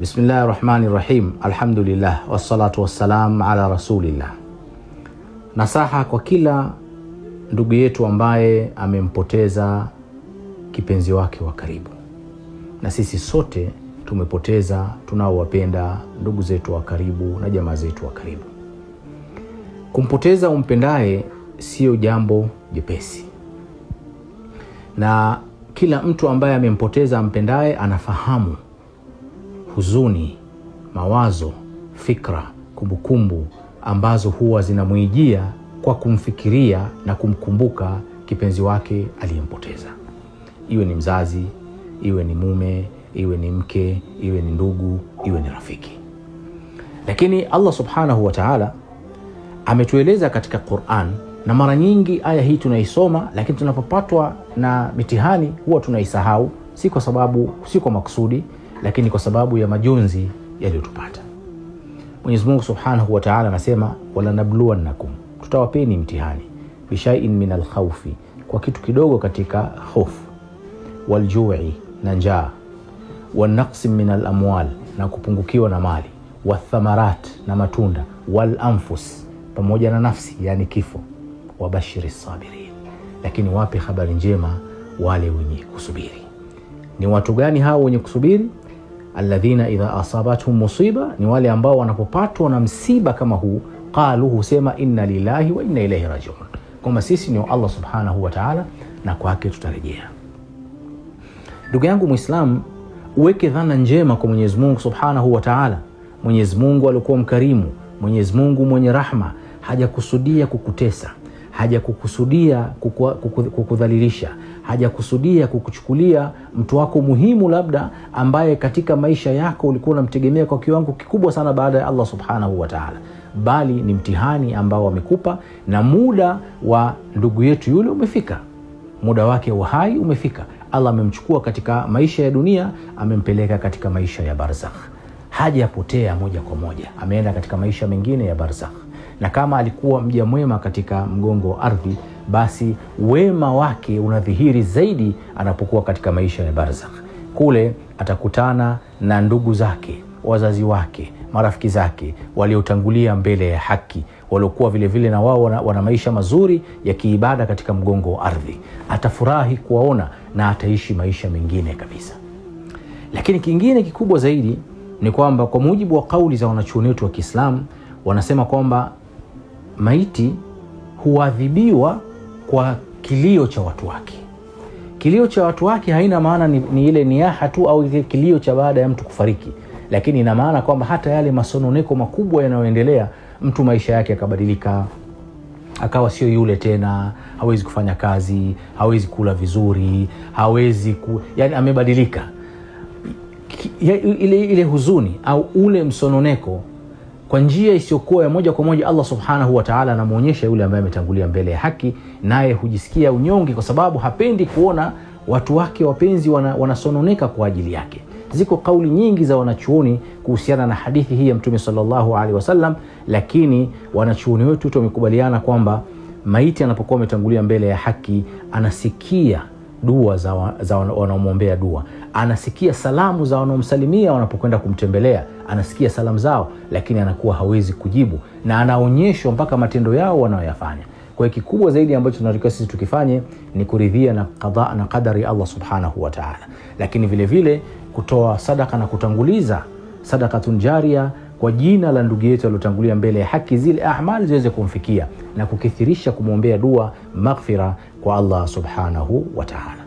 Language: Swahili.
Bismillahi rahmani rahim, alhamdulillah wassalatu wassalam ala rasulillah. Nasaha kwa kila ndugu yetu ambaye amempoteza kipenzi wake wa karibu, na sisi sote tumepoteza tunaowapenda ndugu zetu wa karibu na jamaa zetu wa karibu. Kumpoteza umpendaye siyo jambo jepesi, na kila mtu ambaye amempoteza ampendaye anafahamu huzuni, mawazo, fikra, kumbukumbu ambazo huwa zinamwijia kwa kumfikiria na kumkumbuka kipenzi wake aliyempoteza, iwe ni mzazi, iwe ni mume, iwe ni mke, iwe ni ndugu, iwe ni rafiki. Lakini Allah subhanahu wa taala ametueleza katika Quran, na mara nyingi aya hii tunaisoma, lakini tunapopatwa na mitihani huwa tunaisahau, si kwa sababu, si kwa makusudi lakini kwa sababu ya majonzi yaliyotupata. Mwenyezi Mungu Subhanahu wa Ta'ala anasema walanabluwannakum, tutawapeni mtihani bishaiin min alkhawfi, kwa kitu kidogo katika hofu, waljui na njaa, wanaqsi min alamwal, na kupungukiwa na mali, wathamarat, na matunda, walanfus, pamoja na nafsi, yani kifo. Wabashiri sabirin, lakini wape habari njema wale wenye kusubiri. Ni watu gani hao wenye kusubiri? alladhina idha asabathum musiba, ni wale ambao wanapopatwa na msiba kama huu, qalu, husema inna lillahi wa inna ilaihi rajiun, kwamba sisi ni Allah subhanahu wa ta'ala na kwake tutarejea. Ndugu yangu Muislam, uweke dhana njema kwa Mwenyezi Mungu subhanahu wa ta'ala. Mwenyezi Mungu alikuwa mkarimu, Mwenyezi Mungu mwenye rahma, hajakusudia kukutesa, hajakukusudia kukudhalilisha, kuku, kuku, hajakusudia kukuchukulia mtu wako muhimu, labda ambaye katika maisha yako ulikuwa unamtegemea kwa kiwango kikubwa sana baada ya Allah subhanahu wa taala, bali ni mtihani ambao wamekupa, na muda wa ndugu yetu yule umefika, muda wake uhai umefika. Allah amemchukua katika maisha ya dunia, amempeleka katika maisha ya barzakh. Hajapotea moja kwa moja, ameenda katika maisha mengine ya barzakh, na kama alikuwa mja mwema katika mgongo wa ardhi basi wema wake unadhihiri zaidi anapokuwa katika maisha ya barzakh. Kule atakutana na ndugu zake, wazazi wake, marafiki zake waliotangulia mbele ya haki, waliokuwa vilevile na wao wana, wana maisha mazuri ya kiibada katika mgongo wa ardhi. Atafurahi kuwaona na ataishi maisha mengine kabisa. Lakini kingine kikubwa zaidi ni kwamba kwa mujibu wa kauli za wanachuoni wetu wa Kiislamu wanasema kwamba maiti huadhibiwa kwa kilio cha watu wake. Kilio cha watu wake haina maana ni, ni ile niaha tu au ile kilio cha baada ya mtu kufariki, lakini ina maana kwamba hata yale masononeko makubwa yanayoendelea, mtu maisha yake akabadilika akawa sio yule tena, hawezi kufanya kazi, hawezi kula vizuri, hawezi ku... yani amebadilika ile, ile huzuni au ule msononeko kwa njia isiyokuwa ya moja kwa moja, Allah subhanahu wa ta'ala anamwonyesha yule ambaye ametangulia mbele ya haki, naye hujisikia unyonge, kwa sababu hapendi kuona watu wake wapenzi wanasononeka kwa ajili yake. Ziko kauli nyingi za wanachuoni kuhusiana na hadithi hii ya Mtume sallallahu alaihi wasallam, lakini wanachuoni wetu wote wamekubaliana kwamba maiti anapokuwa ametangulia mbele ya haki anasikia dua za, wa, za wanaomwombea dua, anasikia salamu za wanaomsalimia wanapokwenda kumtembelea, anasikia salamu zao, lakini anakuwa hawezi kujibu na anaonyeshwa mpaka matendo yao wanayoyafanya. kwao kikubwa zaidi ambacho tunatakiwa sisi tukifanye ni kuridhia na qadha na qadari ya Allah subhanahu wa ta'ala, lakini vilevile kutoa sadaka na kutanguliza sadakatun jaria kwa jina la ndugu yetu aliotangulia mbele ya haki, zile amali ziweze kumfikia na kukithirisha kumwombea dua maghfira kwa Allah subhanahu wa ta'ala.